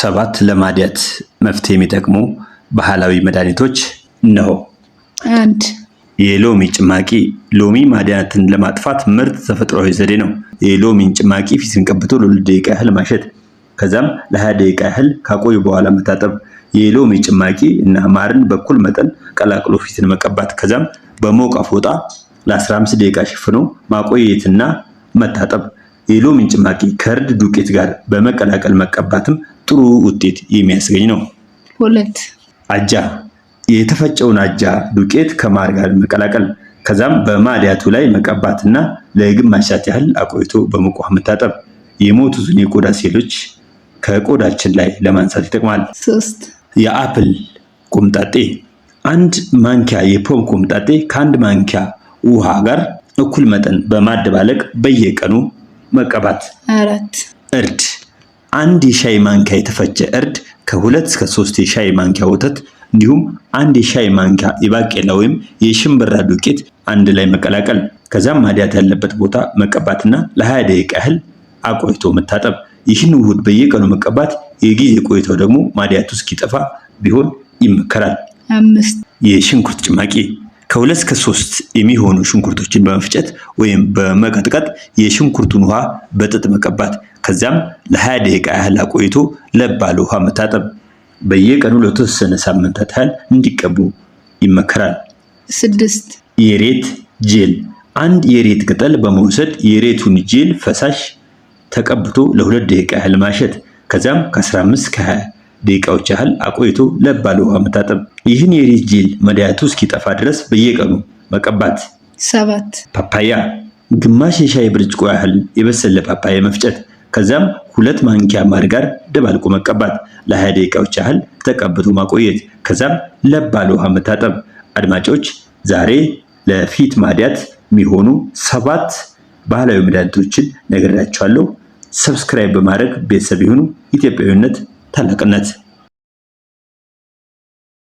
ሰባት ለማዲያት መፍትሄ የሚጠቅሙ ባህላዊ መድኃኒቶች ነው። አንድ የሎሚ ጭማቂ። ሎሚ ማድያትን ለማጥፋት ምርጥ ተፈጥሯዊ ዘዴ ነው። የሎሚን ጭማቂ ፊትን ቀብቶ ለሁለት ደቂቃ ያህል ማሸት፣ ከዛም ለሀያ ደቂቃ ያህል ካቆዩ በኋላ መታጠብ። የሎሚ ጭማቂ እና ማርን በኩል መጠን ቀላቅሎ ፊትን መቀባት፣ ከዛም በሞቀ ፎጣ ለ15 ደቂቃ ሽፍኖ ማቆየትና መታጠብ። የሎሚን ጭማቂ ከእርድ ዱቄት ጋር በመቀላቀል መቀባትም ጥሩ ውጤት የሚያስገኝ ነው። ሁለት አጃ የተፈጨውን አጃ ዱቄት ከማር ጋር መቀላቀል ከዛም በማዲያቱ ላይ መቀባትና ለግማሽ ሰዓት ያህል አቆይቶ በሙቅ ውሃ መታጠብ የሞቱትን የቆዳ ሴሎች ከቆዳችን ላይ ለማንሳት ይጠቅማል። ሶስት የአፕል ቁምጣጤ አንድ ማንኪያ የፖም ቁምጣጤ ከአንድ ማንኪያ ውሃ ጋር እኩል መጠን በማደባለቅ በየቀኑ መቀባት። አራት እርድ አንድ የሻይ ማንኪያ የተፈጨ እርድ ከሁለት እስከ ሶስት የሻይ ማንኪያ ወተት እንዲሁም አንድ የሻይ ማንኪያ የባቄላ ወይም የሽምብራ ዱቄት አንድ ላይ መቀላቀል። ከዛም ማዲያት ያለበት ቦታ መቀባትና ለ20 ደቂቃ ያህል አቆይቶ መታጠብ። ይህን ውህድ በየቀኑ መቀባት፣ የጊዜ ቆይታው ደግሞ ማዲያቱ እስኪጠፋ ቢሆን ይመከራል። የሽንኩርት ጭማቂ ከሁለት እስከ ሶስት የሚሆኑ ሽንኩርቶችን በመፍጨት ወይም በመቀጥቀጥ የሽንኩርቱን ውሃ በጥጥ መቀባት ከዚያም ለሀያ ደቂቃ ያህል አቆይቶ ለባለ ውሃ መታጠብ በየቀኑ ለተወሰነ ሳምንታት ያህል እንዲቀቡ ይመከራል። ስድስት የሬት ጄል አንድ የሬት ቅጠል በመውሰድ የሬቱን ጄል ፈሳሽ ተቀብቶ ለሁለት ደቂቃ ያህል ማሸት ከዚያም ከ15 ከ20 ደቂቃዎች ያህል አቆይቶ ለባለ ውሃ መታጠብ። ይህን የሬት ጄል መድኃኒቱ እስኪጠፋ ድረስ በየቀኑ መቀባት። ሰባት ፓፓያ ግማሽ የሻይ ብርጭቆ ያህል የበሰለ ፓፓያ መፍጨት ከዚያም ሁለት ማንኪያ ማር ጋር ደባልቆ መቀባት፣ ለሀያ ደቂቃዎች ያህል ተቀብቶ ማቆየት፣ ከዛም ለባለ ውሃ መታጠብ። አድማጮች ዛሬ ለፊት ማዲያት የሚሆኑ ሰባት ባህላዊ መድኃኒቶችን ነግሬያቸዋለሁ። ሰብስክራይብ በማድረግ ቤተሰብ የሆኑ ኢትዮጵያዊነት ታላቅነት